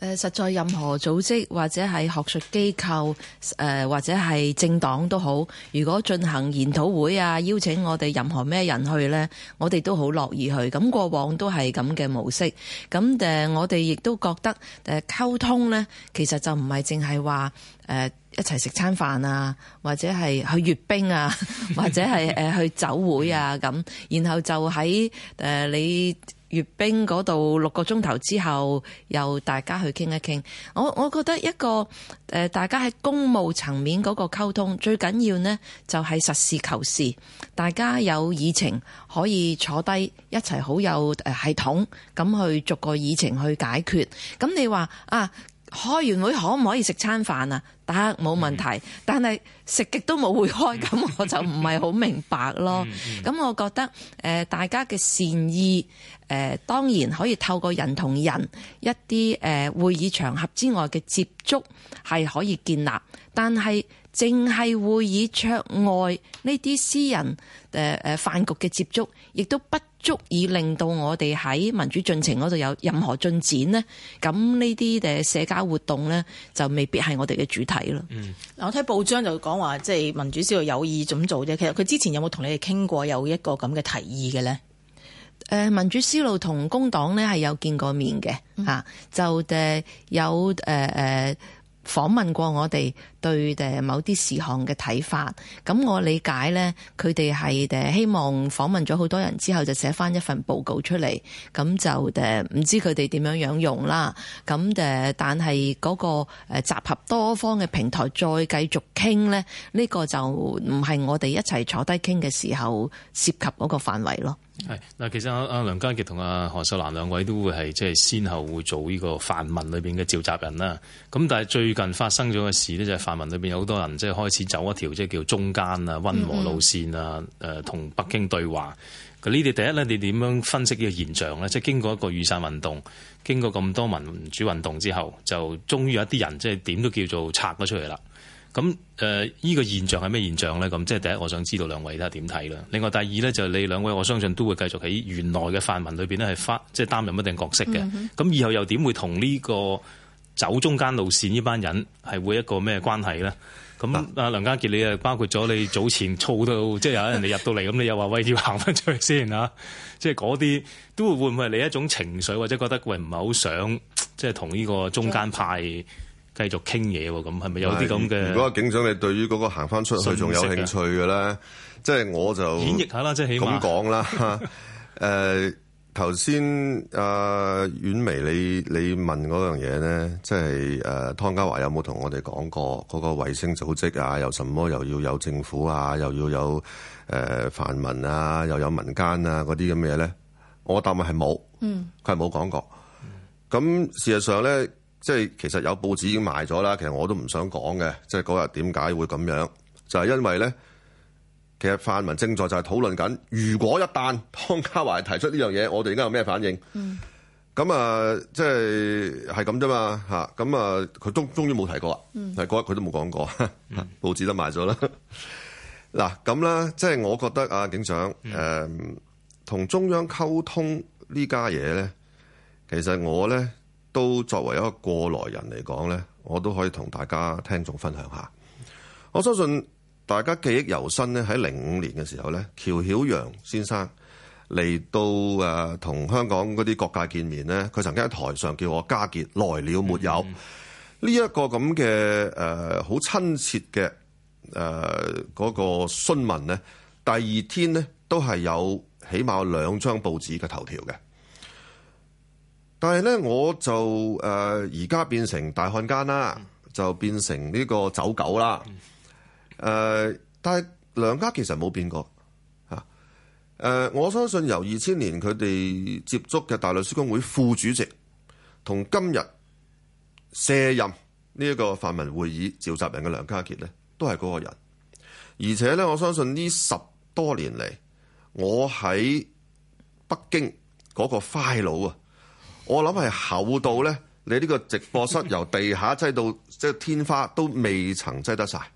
誒，實在任何組織或者係學術機構，誒、呃、或者係政黨都好，如果進行研討會啊，邀請我哋任何咩人去呢，我哋都好樂意去。咁過往都係咁嘅模式。咁誒、呃，我哋亦都覺得誒、呃、溝通呢，其實就唔係淨係話誒一齊食餐飯啊，或者係去閱兵啊，或者係、呃、去酒會啊咁， 然後就喺誒、呃、你。閱兵嗰度六個鐘頭之後，又大家去傾一傾。我我覺得一個誒，大家喺公務層面嗰個溝通最緊要呢，就係實事求是。大家有議程可以坐低一齊好有誒系統咁去逐個議程去解決。咁你話啊？開完會可唔可以食餐飯啊？得冇問題，嗯、但係食極都冇會開，咁、嗯、我就唔係好明白咯。咁、嗯嗯、我覺得，誒、呃、大家嘅善意，誒、呃、當然可以透過人同人一啲誒、呃、會議場合之外嘅接觸係可以建立，但係淨係會議桌外呢啲私人誒誒飯局嘅接觸，亦都不。足以令到我哋喺民主進程嗰度有任何進展呢。咁呢啲嘅社交活動呢，就未必係我哋嘅主題咯。嗯，嗱，我睇報章就講話即係民主思路有意咁做啫。其實佢之前有冇同你哋傾過有一個咁嘅提議嘅呢？誒、呃，民主思路同工黨呢，係有見過面嘅、嗯、就誒有誒誒訪問過我哋。對誒，某啲事項嘅睇法，咁我理解呢，佢哋係誒希望訪問咗好多人之後，就寫翻一份報告出嚟，咁就誒唔知佢哋點樣樣用啦。咁誒，但係嗰個誒集合多方嘅平台再繼，再繼續傾呢，呢個就唔係我哋一齊坐低傾嘅時候涉及嗰個範圍咯。係嗱，其實阿阿梁家傑同阿何秀蘭兩位都會係即係先後會做呢個泛民裏邊嘅召集人啦。咁但係最近發生咗嘅事呢，就係泛民泛民裏邊有好多人即係開始走一條即係叫中間啊、温和路線啊，誒、mm、同 -hmm. 呃、北京對話。呢啲第一咧，你點樣分析呢個現象咧？即係經過一個雨傘運動，經過咁多民主運動之後，就終於有一啲人即係點都叫做拆咗出嚟啦。咁誒，呢、呃這個現象係咩現象咧？咁即係第一，我想知道兩位睇下點睇啦。另外第二咧，就是，你兩位我相信都會繼續喺原來嘅泛民裏邊咧係翻，即、就、係、是、擔任一定角色嘅。咁、mm -hmm. 以後又點會同呢、這個？走中間路線呢班人係會一個咩關係咧？咁阿梁家傑，你包括咗你早前操到，即係有人哋入到嚟，咁 你又話要行翻出去先啊？即係嗰啲都會會唔會係你一種情緒，或者覺得喂唔係好想即係同呢個中間派繼續傾嘢喎？咁係咪有啲咁嘅？如果警長你對於嗰個行翻出去仲有興趣嘅咧，即係我就演繹下啦，即係起咁講啦，誒。 頭先啊，婉、呃、薇你你問嗰樣嘢咧，即係誒湯家驊有冇同我哋講過嗰、那個衛星組織啊？又什麼又要有政府啊？又要有誒、呃、泛民啊？又有民間啊？嗰啲咁嘢咧？我答問係冇，嗯，佢係冇講過。咁事實上咧，即係其實有報紙已經賣咗啦。其實我都唔想講嘅，即係嗰日點解會咁樣，就係、是、因為咧。其實泛民正在就係討論緊，如果一旦湯家驊提出呢樣嘢，我哋而家有咩反應？咁、嗯、啊，即係係咁啫嘛，吓咁啊，佢、啊、終終於冇提過，係、嗯、嗰、那個、日佢都冇講過，嗯、 報紙都賣咗啦。嗱，咁啦，即係我覺得啊，警長，誒、嗯，同、呃、中央溝通呢家嘢咧，其實我咧都作為一個過來人嚟講咧，我都可以同大家聽眾分享下，我相信。大家記憶猶新咧，喺零五年嘅時候咧，喬曉陽先生嚟到誒、呃、同香港嗰啲各界見面咧，佢曾經喺台上叫我家傑來了沒有？呢一、mm -hmm. 個咁嘅誒好親切嘅誒嗰個詢問咧，第二天咧都係有起碼兩張報紙嘅頭條嘅。但係咧，我就誒而家變成大漢奸啦，mm -hmm. 就變成呢個走狗啦。Mm -hmm. 誒、呃，但係梁家傑其實冇變過誒、啊，我相信由二千年佢哋接觸嘅大律師公會副主席，同今日卸任呢一個泛民會議召集人嘅梁家傑咧，都係嗰個人。而且咧，我相信呢十多年嚟，我喺北京嗰個 file 啊，我諗係厚到咧，你呢個直播室由地下擠到即係、就是、天花都未曾擠得晒。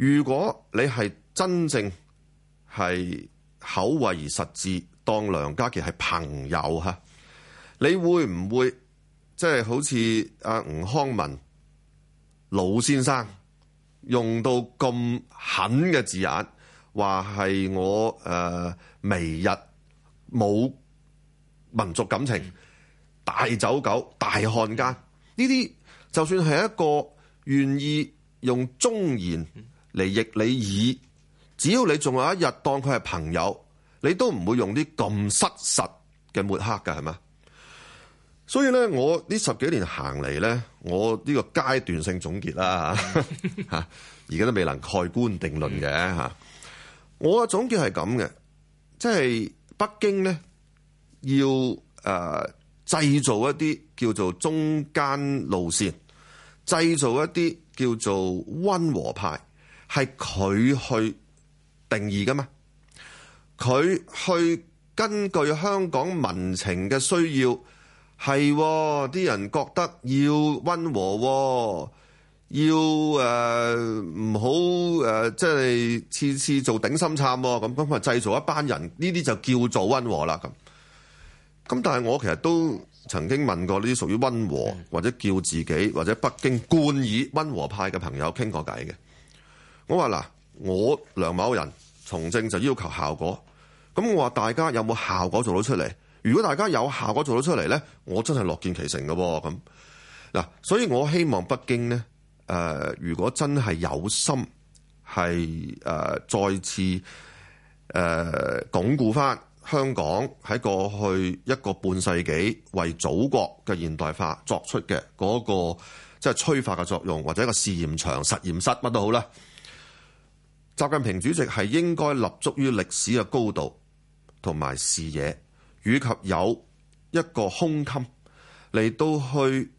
如果你係真正係口惠而實至，當梁家傑係朋友吓，你會唔會即係、就是、好似阿吳康文老先生用到咁狠嘅字眼，話係我誒，媚、呃、日冇民族感情，大走狗、大漢奸呢啲，就算係一個願意用忠言。嚟逆你以，只要你仲有一日當佢係朋友，你都唔會用啲咁失實嘅抹黑噶，係嘛？所以咧，我呢十幾年行嚟咧，我呢個階段性總結啦吓，而家都未能蓋棺定論嘅吓。我嘅總結係咁嘅，即係北京咧要誒製造一啲叫做中間路線，製造一啲叫做溫和派。係佢去定義噶嘛？佢去根據香港民情嘅需要，係啲、哦、人覺得要溫和、哦，要誒唔好誒，即係次次做頂心杉、哦，咁咁啊製造一班人呢啲就叫做溫和啦。咁咁，但係我其實都曾經問過呢啲屬於溫和或者叫自己或者北京冠以溫和派嘅朋友傾過偈嘅。我話嗱，我梁某人從政就要求效果，咁我話大家有冇效果做到出嚟？如果大家有效果做到出嚟咧，我真係樂見其成噶咁嗱。所以我希望北京咧，誒、呃，如果真係有心是，係、呃、誒再次誒、呃、鞏固翻香港喺過去一個半世紀為祖國嘅現代化作出嘅嗰、那個即係、就是、催化嘅作用，或者一個試驗場、實驗室乜都好啦。習近平主席係應該立足於歷史嘅高度同埋視野，以及有一個胸襟嚟到去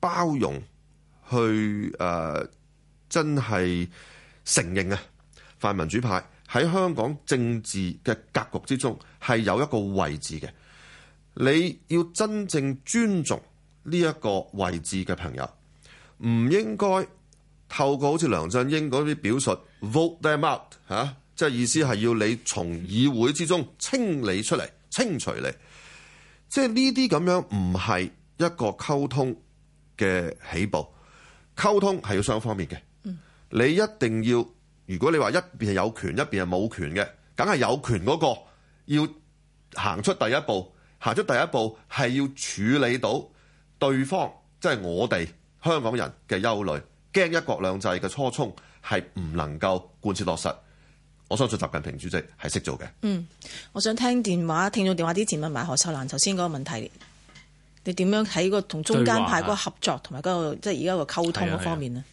包容，去、呃、真係承認。啊，泛民主派喺香港政治嘅格局之中係有一個位置嘅。你要真正尊重呢一個位置嘅朋友，唔應該。透過好似梁振英嗰啲表述，vote them out 吓，即係意思係要你從議會之中清理出嚟，清除嚟。即係呢啲咁樣唔係一個溝通嘅起步，溝通係要雙方面嘅。你一定要，如果你話一邊係有權，一邊係冇權嘅，梗係有權嗰個要行出第一步，行出第一步係要處理到對方，即係我哋香港人嘅憂慮。驚一國兩制嘅初衷係唔能夠貫徹落實，我相信習近平主席係識做嘅。嗯，我想聽電話，聽咗電話之前問埋何秀蘭頭先嗰個問題，你點樣睇個同中間派嗰個合作，同埋嗰個即係而家個溝通嗰方面呢？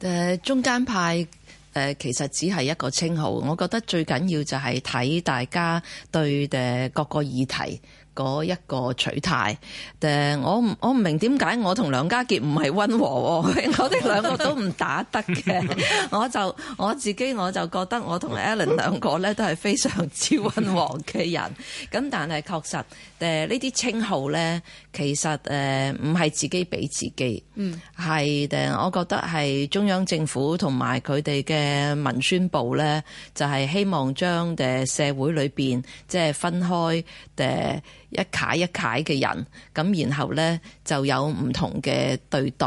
誒，uh, 中間派誒，uh, 其實只係一個稱號，我覺得最緊要就係睇大家對誒各個議題。嗰一個取態，誒，我唔我唔明點解我同梁家傑唔係溫和喎，我哋兩個都唔打得嘅，我就我自己我就覺得我同 Alan 兩個咧都係非常之溫和嘅人，咁但係確實誒呢啲稱號咧。其實誒唔係自己俾自己，係、嗯、誒我覺得係中央政府同埋佢哋嘅文宣部呢，就係、是、希望將誒社會裏面即係分開誒一楷一楷嘅人，咁然後呢就有唔同嘅對待。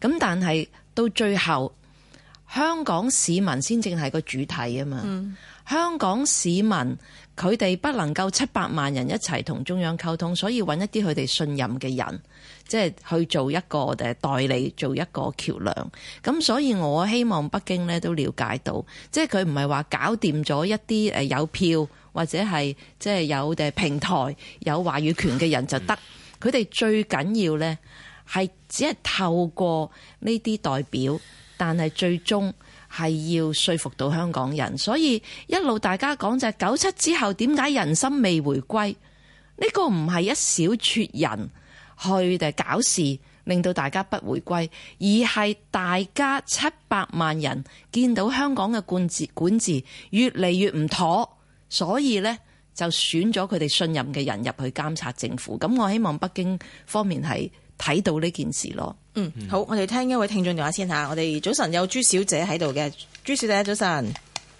咁但係到最後，香港市民先正係個主體啊嘛、嗯，香港市民。佢哋不能夠七百萬人一齊同中央溝通，所以揾一啲佢哋信任嘅人，即係去做一個誒代理，做一個橋梁。咁所以我希望北京呢都了解到，即係佢唔係話搞掂咗一啲誒有票或者係即係有誒平台有話語權嘅人就得。嗯、佢哋最緊要呢係只係透過呢啲代表，但係最終，係要說服到香港人，所以一路大家講就係九七之後點解人心未回歸？呢個唔係一小撮人去嘅搞事，令到大家不回歸，而係大家七百萬人見到香港嘅管治管治，越嚟越唔妥，所以呢就選咗佢哋信任嘅人入去監察政府。咁我希望北京方面係。睇到呢件事咯。嗯，好，我哋聽一位聽眾電話先吓。我哋早晨有朱小姐喺度嘅，朱小姐早晨。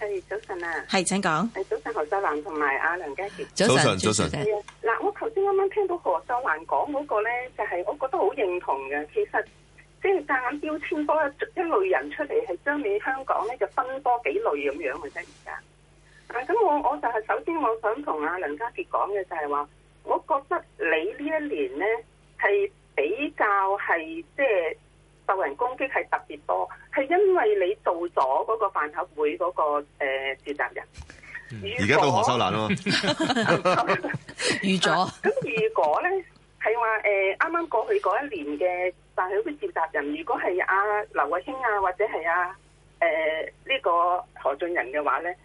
誒、hey,，早晨啊。係，請講。誒、hey,，早晨何秀蘭同埋阿梁家傑。早晨，早晨。嗱、啊，我頭先啱啱聽到何秀蘭講嗰個咧，就係、是、我覺得好認同嘅。其實即係戴眼標籤多一一類人出嚟，係將你香港咧就分多幾類咁樣嘅啫。而家。啊，咁我我就係首先我想同阿梁家傑講嘅就係話，我覺得你呢一年咧係。是比較係即係受人攻擊係特別多，係因為你做咗嗰個飯盒會嗰、那個誒召集人。而家到何秀蘭啊嘛，預咗。咁如果咧係話誒，啱啱過去嗰一年嘅飯盒會召集人，如果係阿劉慧卿啊，或者係阿誒呢個何俊仁嘅話咧，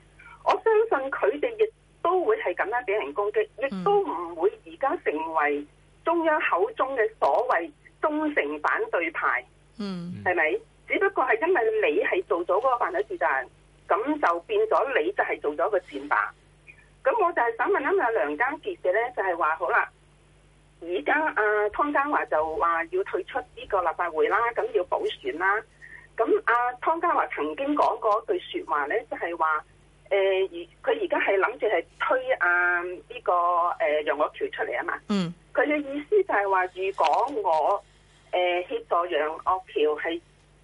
我相信佢哋亦都會係咁樣俾人攻擊，亦都唔會而家成為、嗯。中央口中嘅所謂忠誠反對派，嗯，係咪？只不過係因為你係做咗嗰個反對派，咁就變咗你就係做咗個戰霸。咁我就係想問一下梁家傑嘅咧，就係話好啦，而家啊湯家驊就話要退出呢個立法會啦，咁要補選啦。咁啊湯家驊曾經講過一句説話咧，即係話誒，佢而家係諗住係推啊呢、這個誒、呃、楊岳橋出嚟啊嘛。嗯。佢嘅意思就係話，如果我誒、呃、協助楊岳橋係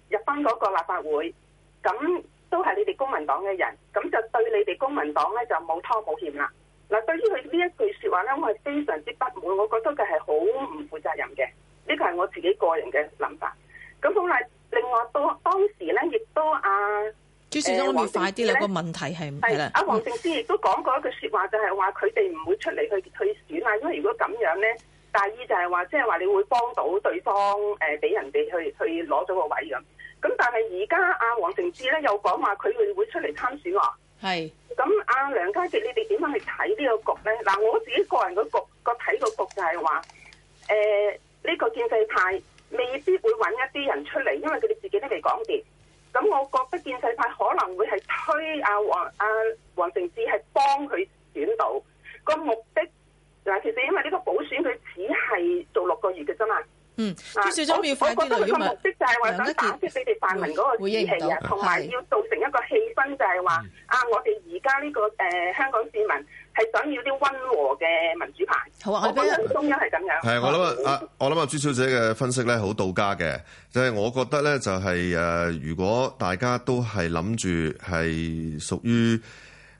入返嗰個立法會，咁都係你哋公民黨嘅人，咁就對你哋公民黨咧就冇拖冇欠啦。嗱，對於佢呢一句説話咧，我係非常之不滿，我覺得佢係好唔負責任嘅。呢個係我自己個人嘅諗法。咁好啦，另外都當時咧，亦都阿、啊、朱兆忠可以快啲兩個問題係係啦。阿黃定之亦都講過一句説話就是說，就係話佢哋唔會出嚟去推。但係如果咁樣咧，大意就係話，即係話你會幫到對方誒，俾、呃、人哋去去攞咗個位咁。咁但係而家阿黃成志咧又講話佢會會出嚟參選喎。係。咁、嗯、阿梁家傑，你哋點樣去睇呢個局咧？嗱、嗯，我自己個人嘅局個睇個局就係話，誒、呃、呢、這個建制派未必會揾一啲人出嚟，因為佢哋自己都未講掂。咁、嗯、我覺得建制派可能會係推阿黃阿黃成志係幫佢選到個目。嗱，其實因為呢個補選佢只係做六個月嘅啫嘛。嗯、啊，朱小姐有我，我覺得佢個目的就係話想打擊你哋泛民嗰個意識、啊，同埋要造成一個氣氛就，就係話啊，我哋而家呢個誒、呃、香港市民係想要啲溫和嘅民主派。好啊，我覺得中央係咁樣。係，我諗啊、嗯，我諗啊，朱小姐嘅分析咧好到家嘅，就係、是、我覺得咧就係、是、誒、呃，如果大家都係諗住係屬於。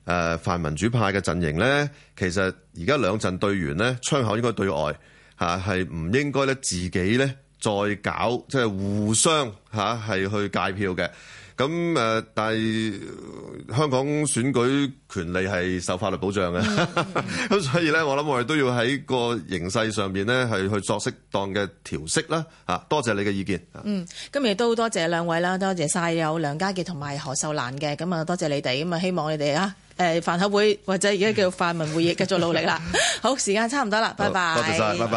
誒、啊、泛民主派嘅陣營咧，其實而家兩陣隊員咧，窗口應該對外吓係唔應該咧自己咧再搞，即係互相吓係、啊、去界票嘅。咁、啊、誒，但係、呃、香港選舉權利係受法律保障嘅，咁、嗯嗯、 所以咧，我諗我哋都要喺個形勢上面咧係去作適當嘅調適啦、啊。多謝你嘅意見。嗯，今日都多謝兩位啦，多謝晒有梁家傑同埋何秀蘭嘅。咁啊，多謝你哋，咁啊，希望你哋啊～誒、呃、泛口會，或者而家叫做泛民會議繼續努力啦！ 好，時間差唔多啦，拜拜。多謝曬，拜拜。